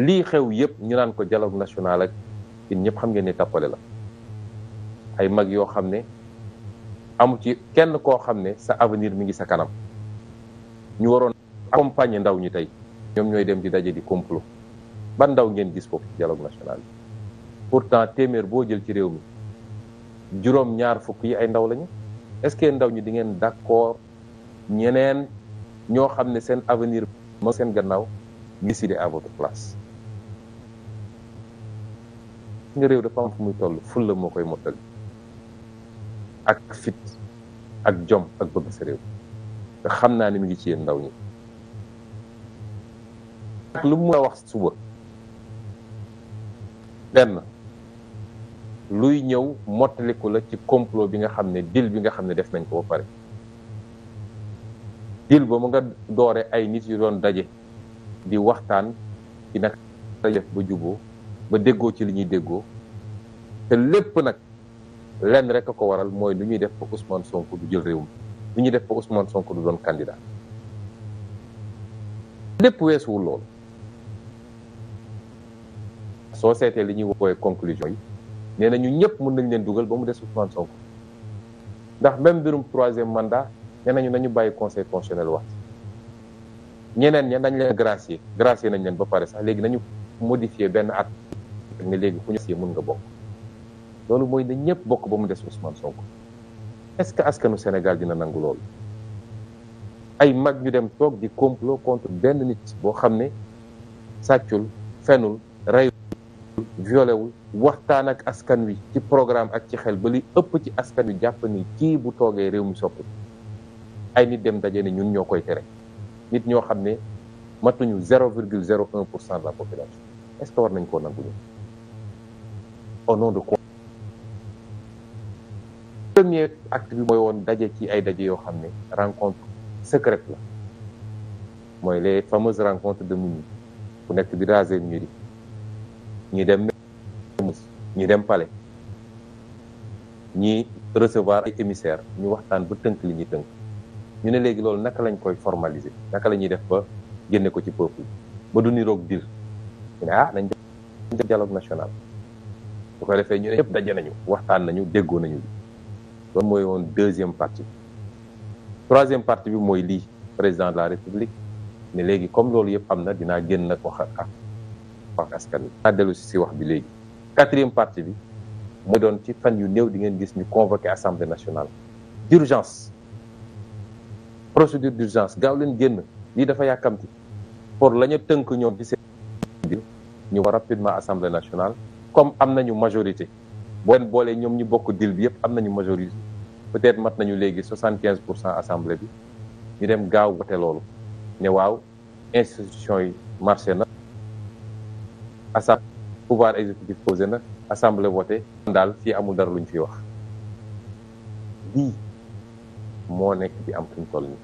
lii xew yëpp ñu naan ko dialogue national ak in ñëpp xam ngeen ne tappale la ay mag yoo xam ne amu ci kenn koo xam ne sa avenir mi ngi sa kanam ñu waroon accompagner ndaw ñi tey ñoom ñooy dem di daje di complot ba ndaw ngeen gis foofu dialogue national bi pourtant téeméer boo jël ci réew mi juróom ñaar fukk yi ay ndaw lañu est-ce que ndaw ñi di ngeen d'accord ñeneen ñoo xam ne seen avenir mo seen gannaaw décider à votre place nga réew dafa am fu muy toll fulla moo koy mottali ak fit ak jom ak bëgg sa réew te xam naa ni mu ngi ci yéen ndaw ñi ak lu mu la wax suba benn luy ñëw mottaliku la ci complot bi nga xam ne dil bi nga xam ne def nañ ko ba pare dil ba mu nga doore ay nit yu doon daje di waxtaan ci nag def ba juboo ba déggoo ci li ñuy déggoo te lépp nag lenn rek a ko waral mooy lu ñuy def ba Ousmane Sonko du jël réew mi lu ñuy def ba Ousmane Sonko du doon candidat lépp weesuwul loolu soo seetee li ñuy woowee conclusion yi nee na ñu ñëpp mën nañ leen dugal ba mu des Ousmane Sonko ndax même mbirum troisième mandat nee nañu nañu bàyyi conseil constitutionnel wax ñeneen ña nañ leen gracier gracier nañ leen ba pare sax léegi nañu modifier benn at da nga léegi ku ñu si mën nga bokk loolu mooy ne ñëpp bokk ba mu des Ousmane Sonko est-ce que askanu Sénégal dina nangu loolu ay mag ñu dem toog di complot contre benn nit boo xam ne sàccul fenul reyul violewul waxtaan ak askan wi ci programme ak ci xel ba li ëpp ci askan wi jàpp ni kii bu toogee réew mi soppi ay nit dem daje ne ñun ñoo koy tere nit ñoo xam ne matuñu zéro virgule zéro un pour cent de la population est-ce que war nañ koo nangu ñu au nom de quoi acte bi mooy woon daje ci ay daje yoo xam ne rencontre secrète la mooy les fameuses rencontres de minuit ku nekk di raser mur yi ñi dem mus ñi dem pale ñi recevoir ay émissaires ñu waxtaan ba tënk li ñuy tënk ñu ne léegi loolu naka lañ koy formaliser naka la ñuy def ba génne ko ci peuple ba du niroog dil ñu ne ah nañ dialogue national bu ko defee ñu ne ñëpp daje nañu waxtaan nañu déggoo nañu loolu mooy woon deuxième partie troisième partie bi mooy lii président de la république ne léegi comme loolu yëpp am na dinaa génn nag wax ak wax askan wi dinaa dellu si si wax bi léegi quatrième partie bi mooy doon ci fan yu néew di ngeen gis ñu convoqué assemblée nationale d'urgence procédure d'urgence gaaw leen génn lii dafa yàkkamti pour la ñu tënk ñoom ci seen ñu war rapidement assemblée nationale comme am nañu majorité bon boolee ñoom ñu bokk dil bi yëpp am nañu majorité peut-être mat nañu léegi soixante quinze pour cent assemblée bi ñu dem gaaw wote loolu ne waaw institution yi marché na assemblée pouvoir exécutif posé na assemblée voté daal fii amul dara luñ fiy wax lii moo nekk di am fi mu nii